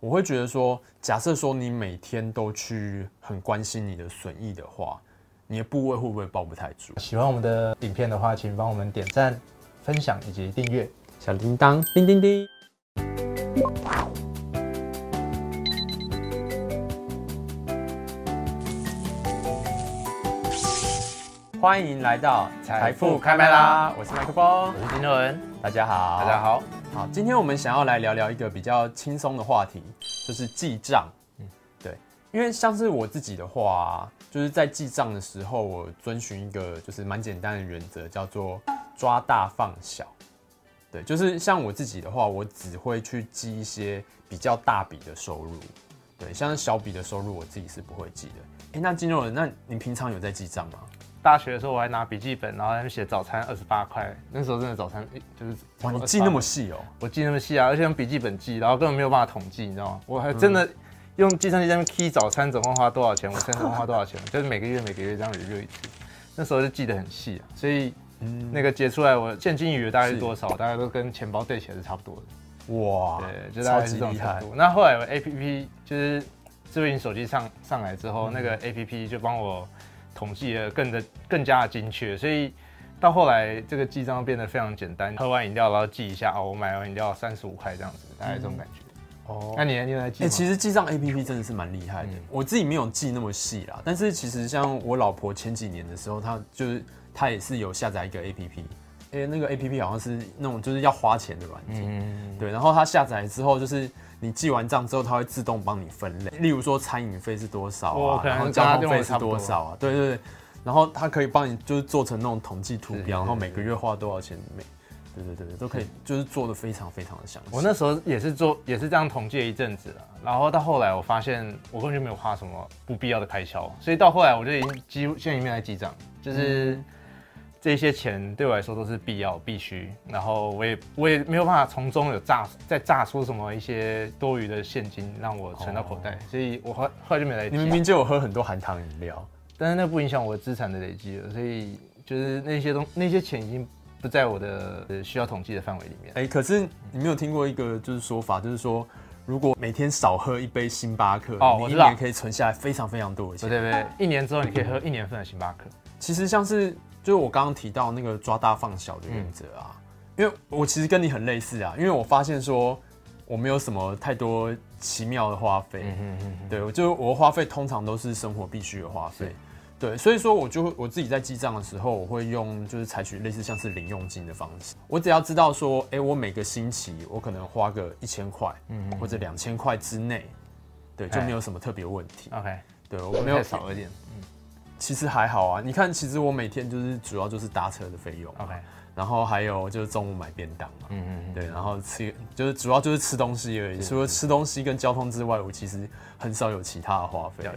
我會覺得說，假設說你每天都去很關心你的損益的話，你的部位會不會抱不太住？喜歡我們的影片的話，請幫我們點贊、分享以及訂閱。小叮噹，叮叮叮。歡迎來到財富開麥拉！我是麥克風，我是筋肉人，大家好，大家好，好，今天我們想要來聊聊一個比較輕鬆的話題，就是記賬。嗯，對，因為像是我自己的話，就是在記賬的時候，我遵循一個就是蠻簡單的原則，叫做抓大放小。對，就是像我自己的話，我只會去記一些比較大筆的收入。對，像小筆的收入，我自己是不會記的。哎，那筋肉人，那你平常有在記賬嗎？大學的時候，我還拿筆記本，然後在寫早餐二十八塊。那時候真的早餐就是，哇，你記那麼細哦、喔！我記那麼細啊，而且用筆記本記，然後根本沒有辦法統計，你知道嗎？我還真的用計算機上面 key 早餐總共花多少錢，我再算花多少錢， 就是每個月每個月這樣捋一次。那時候就記得很細啊，所以、嗯、那個結出來我現金餘額大概是多少，是大概都跟錢包對起來是差不多的。哇，對，就大概是這種程度。那後來 A P P 就是智慧型手機上上來之後，嗯、那個 A P P 就幫我。統計的更的更加的精確，所以到後來這個記賬變得非常簡單，喝完飲料然後記一下哦、喔，我買完飲料三十五塊這樣子，大概這種感覺。嗯、哦，那你還在你記嗎？哎，欸、其實記賬 A P P 真的是蠻厲害的，我自己沒有記那麼細啦，但是其實像我老婆前幾年的時候，她就是她也是有下載一個 A P P，、欸、哎，那個 A P P 好像是那種就是要花錢的軟件，嗯，對，然後她下載之後就是。你記完賬之後，它會自動幫你分類。例如說餐飲費是多少啊，然後交通費是多少啊，對對對，然後它可以幫你就是做成那種統計圖表，然後每個月花多少錢，每對對對對都可以，就是做得非常非常的詳細。我那時候也是做，也是這樣統計了一陣子了，然後到後來我發現我根本就沒有花什麼不必要的開銷，所以到後來我就已經幾現在一面沒來記賬，就是。這些錢對我來說都是必要、必須，然後我也我也沒有辦法從中有榨再榨出什麼一些多餘的現金讓我存到口袋，oh. 所以我後來就沒來、啊。你明明就有喝很多含糖飲料，但是那不影響我資產的累積了，所以就是那些東西那些錢已經不在我的需要統計的範圍裡面。哎、欸，可是你沒有聽過一個就是說法，就是說如果每天少喝一杯星巴克，哦，我知道，你一年可以存下來非常非常多的錢。對對對，一年之後你可以喝一年份的星巴克。 其實像是。就是我剛剛提到那個抓大放小的原則啊，因為我其實跟你很類似啊，因為我發現說，我沒有什麼太多奇妙的花費，對，我就我的花費通常都是生活必須的花費，對，所以說我就我自己在記賬的時候，我會用就是採取類似像是零用金的方式，我只要知道說，哎，我每個星期我可能花個一千塊，嗯嗯，或者兩千塊之內，對，就沒有什麼特別問題，OK，對，我沒有少一點，嗯。其實還好啊，你看，其實我每天就是主要就是搭車的費用，OK，然後還有就是中午買便當嘛，嗯，嗯嗯，對，然後吃就是主要就是吃東西而已。對除了吃東西跟交通之外，我其實很少有其他的花費，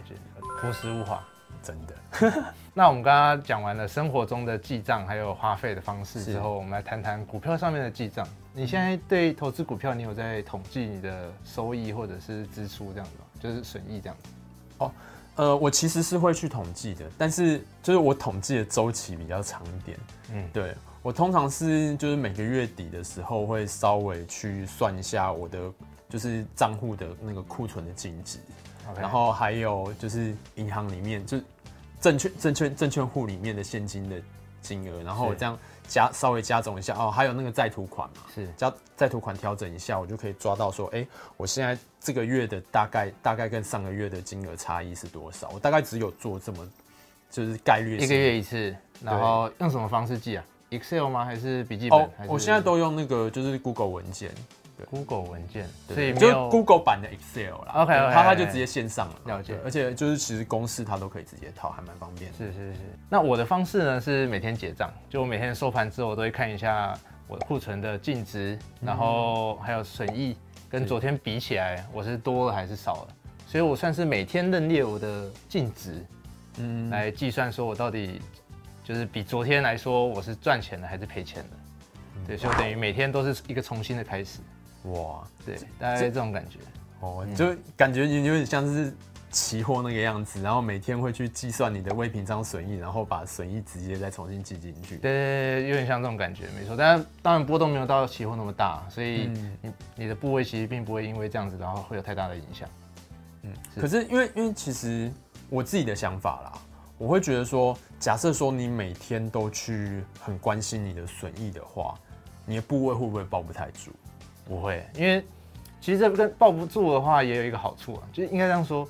不實無花，化真的。 那我們剛剛講完了生活中的記賬還有花費的方式之後，是我們來談談股票上面的記賬。你現在對投資股票，你有在統計你的收益或者是支出這樣子嗎，就是損益這樣子哦？呃，我其實是會去統計的，但是就是我統計的週期比較長一點。嗯，對，我通常是就是每個月底的時候會稍微去算一下我的就是賬戶的那個庫存的淨值，Okay. 然後還有就是銀行裡面就證券證券證券戶裡面的現金的金額，然後我這樣加是稍微加總一下哦，還有那個在途款嘛，是加在途款調整一下，我就可以抓到說，哎，我現在這個月的大概大概跟上個月的金額差異是多少？我大概只有做這麼，就是概率是是一個月一次，然後用什麼方式記啊？Excel 嗎？還是筆記本？哦，我現在都用那個就是 Google 文件。Google 文件，所以沒有就是 Google 版的 Excel 了。OK，OK，okay, okay, okay, okay. 它，它就直接線上了。了解，對對而且就是其實公式它都可以直接套，還蠻方便。是是是。那我的方式呢是每天結賬，就我每天收盤之後，我都會看一下我的庫存的淨值，嗯、然後還有損益，跟昨天比起來，是我是多了還是少了？所以我算是每天認列我的淨值，嗯，來計算說我到底就是比昨天來說我是賺錢的還是賠錢的。嗯、對，就等於每天都是一個重新的開始。哇，對，這大概這種感覺哦、喔，就感覺你有點像是期貨那個樣子，嗯、然後每天會去計算你的未平倉損益，然後把損益直接再重新計進去。對，對，對，有點像這種感覺，沒錯。但當然波動沒有到期貨那麼大，所以你、嗯、你的部位其實並不會因為這樣子，然後會有太大的影響。嗯，是，可是因為因為其實我自己的想法啦，我會覺得說，假設說你每天都去很關心你的損益的話，你的部位會不會抱不太住？不會，因為其實這跟抱不住的話也有一個好處啊，就是應該這樣說，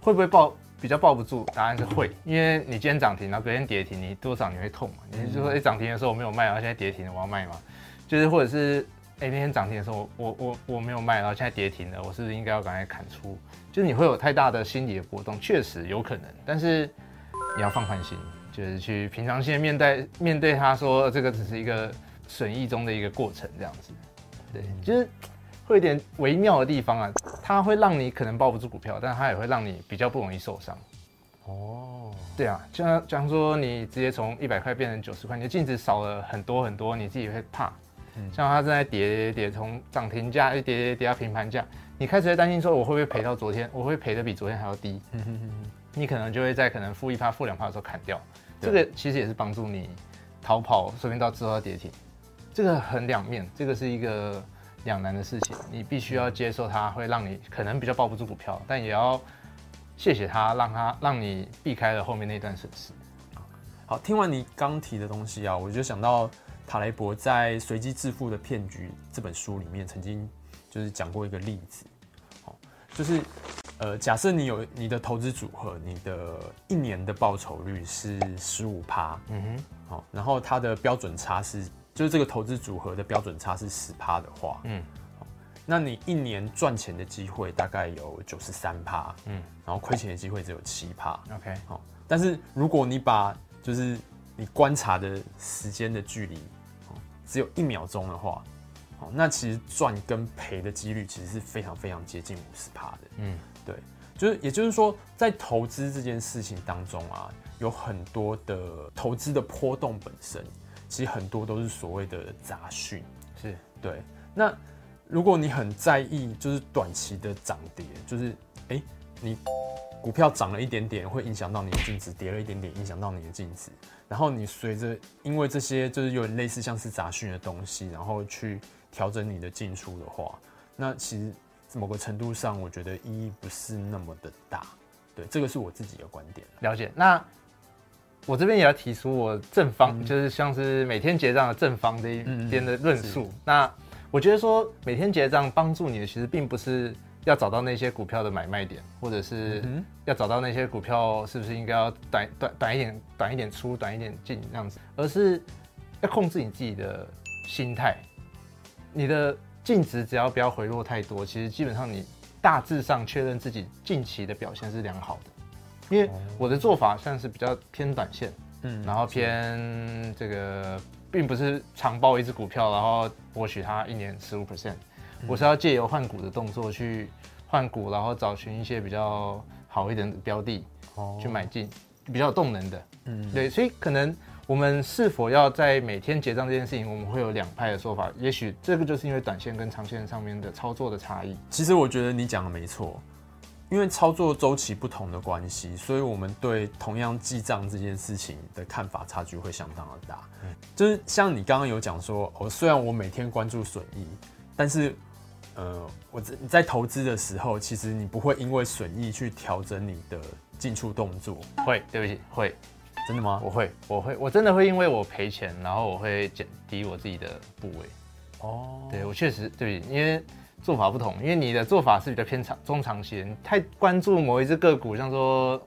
會不會抱比較抱不住？答案是會，因為你今天漲停，然後隔天跌停，你多少你會痛嘛？你就說哎、嗯欸，漲停的時候我沒有賣，然後現在跌停了我要賣嘛？就是或者是哎、欸、那天漲停的時候我我我我沒有賣，然後現在跌停了，我是不是應該要趕快砍出？就是你會有太大的心理的波動，確實有可能，但是你要放寬心，就是去平常心面，面對面對他說這個只是一個損益中的一個過程，這樣子。對，就是會有點微妙的地方啊，它會讓你可能抱不住股票，但它也會讓你比較不容易受傷。哦，oh. 對啊，就像講說你直接從一百塊變成九十塊，你的淨值少了很多很多，你自己會怕。像它正在跌跌從漲，從漲停價又跌跌跌到平盤價，你開始在擔心說我會不會賠到昨天，我會賠得比昨天還要低。你可能就會在可能負一趴、負兩趴的時候砍掉，這個其實也是幫助你逃跑，順便到之後要跌停。這個很兩面，這個是一個兩難的事情，你必須要接受它，會讓你可能比較抱不住股票，但也要謝謝它，讓它讓你避開了後面那段損失。好，聽完你剛提的東西啊，我就想到塔雷伯在《隨機致富的騙局》這本書裡面曾經就是講過一個例子，好，就是呃，假設你有你的投資組合，你的一年的報酬率是十五趴，嗯哼，好，然後它的標準差是。就是這個投資組合的標準差是十趴的話，嗯，那你一年賺錢的機會大概有九十三趴，嗯，然後虧錢的機會只有七趴。OK，好。但是如果你把就是你觀察的時間的距離，只有一秒鐘的話，那其實賺跟賠的幾率其實是非常非常接近五十趴的，嗯，對，就是也就是說，在投資這件事情當中啊，有很多的投資的波動本身。其實很多都是所謂的雜訊，是對。那如果你很在意，就是短期的漲跌，就是誒、欸，你股票漲了一點點，會影響到你的淨值；跌了一點點，影響到你的淨值。然後你隨着因為這些就是有點類似像是雜訊的東西，然後去調整你的進出的話，那其實某個程度上，我覺得意義不是那麼的大。對，這個是我自己的觀點。了解。那。我這邊也要提出我正方，嗯、就是像是每天記帳的正方這一邊的論述。嗯、那我覺得說每天記帳幫助你的，其實並不是要找到那些股票的買賣點，或者是要找到那些股票是不是應該要短短短一點、短一點出、短一點進這樣子，而是要控制你自己的心態。你的淨值只要不要回落太多，其實基本上你大致上確認自己近期的表現是良好的。因為我的做法算是比較偏短線，嗯，然後偏這個，並不是長抱一隻股票，嗯、然後博取它一年15%，我是要借由換股的動作去換股，然後找尋一些比較好一點的標的，去買進，哦、比較有動能的，嗯，對，所以可能我們是否要在每天結賬這件事情，我們會有兩派的說法，也許這個就是因為短線跟長線上面的操作的差異。其實我覺得你講的沒錯。因為操作周期不同的關係，所以我們對同樣記賬這件事情的看法差距會相當的大。就是像你剛剛有講說，我、哦、雖然我每天關注損益，但是，呃，我在你在投資的時候，其實你不會因為損益去調整你的進出動作。會，對不起，會，真的嗎？我會，我會，我真的會因為我賠錢，然後我會減低我自己的部位。哦，對我確實對不起，因為。做法不同，因為你的做法是比較偏長中長期，太關注某一隻個股，像說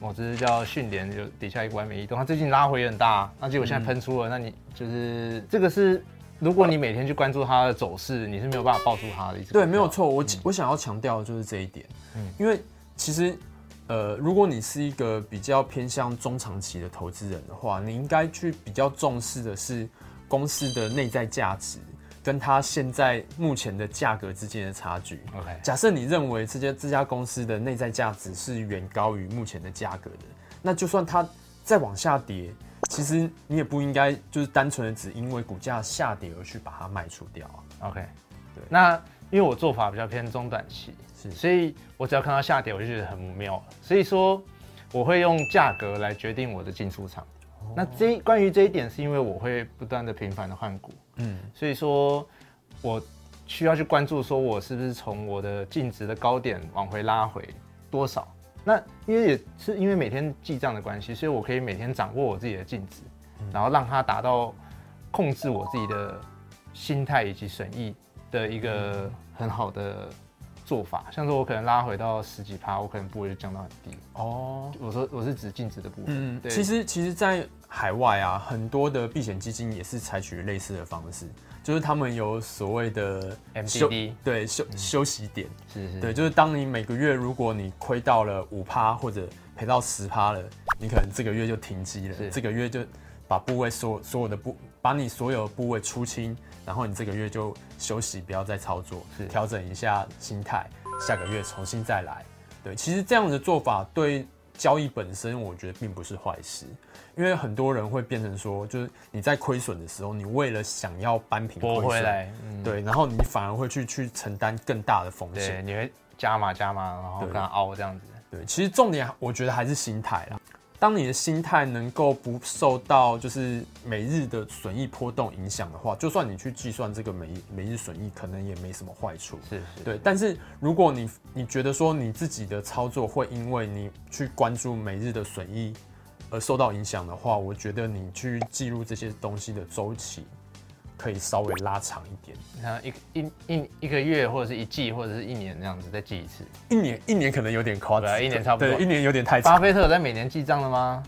某隻叫訊聯，就底下一個完美移動，它最近拉回很大，那結果現在噴出了，那你就是這個是，如果你每天去關注它的走勢，你是沒有辦法抱住它的。對，沒有錯，我、嗯、我想要強調的就是這一點，嗯，因為其實呃，如果你是一個比較偏向中長期的投資人的話，你應該去比較重視的是公司的內在價值跟它現在目前的價格之間的差距。OK，假設你認為這家這家公司的內在價值是遠高於目前的價格的，那就算它再往下跌，其實你也不應該就是單純的只因為股價下跌而去把它賣出掉。OK，對那因為我做法比較偏中短期，是所以我只要看到下跌，我就覺得很不妙，所以說我會用價格來決定我的進出場。Oh. 那這關於這一點，是因為我會不斷的頻繁的換股。嗯，所以說，我需要去關注，說我是不是從我的淨值的高點往回拉回多少？那因為也是因為每天記賬的關係，所以我可以每天掌握我自己的淨值，然後讓它達到控制我自己的心態以及損益的一個很好的做法。像說，我可能拉回到十幾趴，我可能不會降到很低。哦，我說我是指淨值的部分。嗯，對。其實，其實，在海外啊，很多的避險基金也是採取類似的方式，就是他們有所謂的休，MCD 對休、嗯、休息點，是是，對，就是當你每個月如果你虧到了五趴或者賠到十趴了，你可能這個月就停機了，是這個月就把部位所所有的部，把你所有的部位出清，然後你這個月就休息，不要再操作，是，調整一下心態，下個月重新再來，對，其實這樣的做法對。交易本身，我覺得並不是壞事，因為很多人會變成說，就是你在虧損的時候，你為了想要扳平，回來，對，然後你反而會去去承擔更大的風險，你會加碼加碼，然後跟他凹這樣子。對，其實重點我覺得還是心態啦。當你的心態能夠不受到就是每日的損益波動影響的話，就算你去計算這個每每日損益，可能也沒什麼壞處。是，是，對。但是如果你你覺得說你自己的操作會因為你去關注每日的損益而受到影響的話，我覺得你去記錄這些東西的週期可以稍微拉長一點，你看一一一一個月或者是一季或者是一年那樣子再記一次，一年一年可能有點誇張。對，一年差不多，對，一年有點太長。巴菲特有在每年記賬了嗎？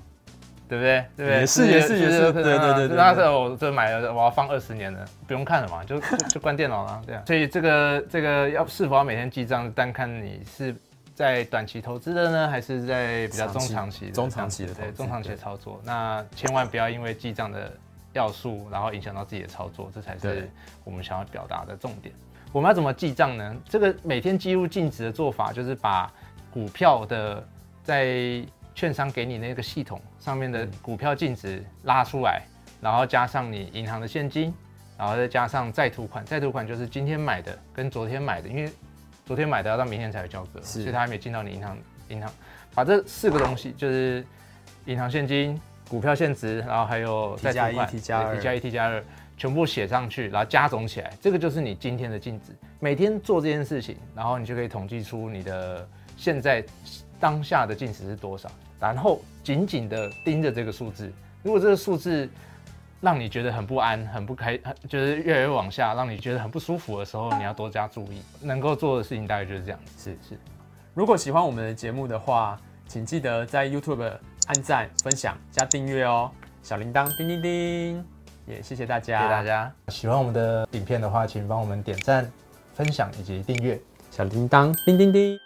對不對？對。也是也是也是，對對對。那時候我這買了，我要放二十年的，不用看了嘛，就就關電腦了，這樣。所以這個這個要是否要每天記賬單看你是在短期投資的呢，還是在比較中長期、中長期的對中長期的操作，那千萬不要因為記賬的要素，然後影響到自己的操作，這才是我們想要表達的重點。對我們要怎麼記賬呢？這個每天記錄淨值的做法，就是把股票的在券商給你那個系統上面的股票淨值拉出來，嗯、然後加上你銀行的現金，然後再加上在途款。在途款就是今天買的跟昨天買的，因為昨天買的要到明天才有交割，是所以它還沒進到你銀行。銀行把這四個東西，就是銀行現金。股票現值，然後還有再加，T 加一，T 加二，T 加一，T 加二，全部寫上去，然後加總起來，這個就是你今天的淨值。每天做這件事情，然後你就可以統計出你的現在當下的淨值是多少。然後緊緊的盯着這個數字，如果這個數字讓你覺得很不安、很不開、很就是越來越往下，讓你覺得很不舒服的時候，你要多加注意。能夠做的事情大概就是這樣是。是是，如果喜歡我們的節目的話，請記得在 YouTube。按讚、分享、加訂閱哦，小鈴鐺叮叮叮，也、yeah, 謝謝大家。謝謝大家。喜歡我們的影片的話，請幫我們點讚、分享以及訂閱，小鈴鐺叮叮叮。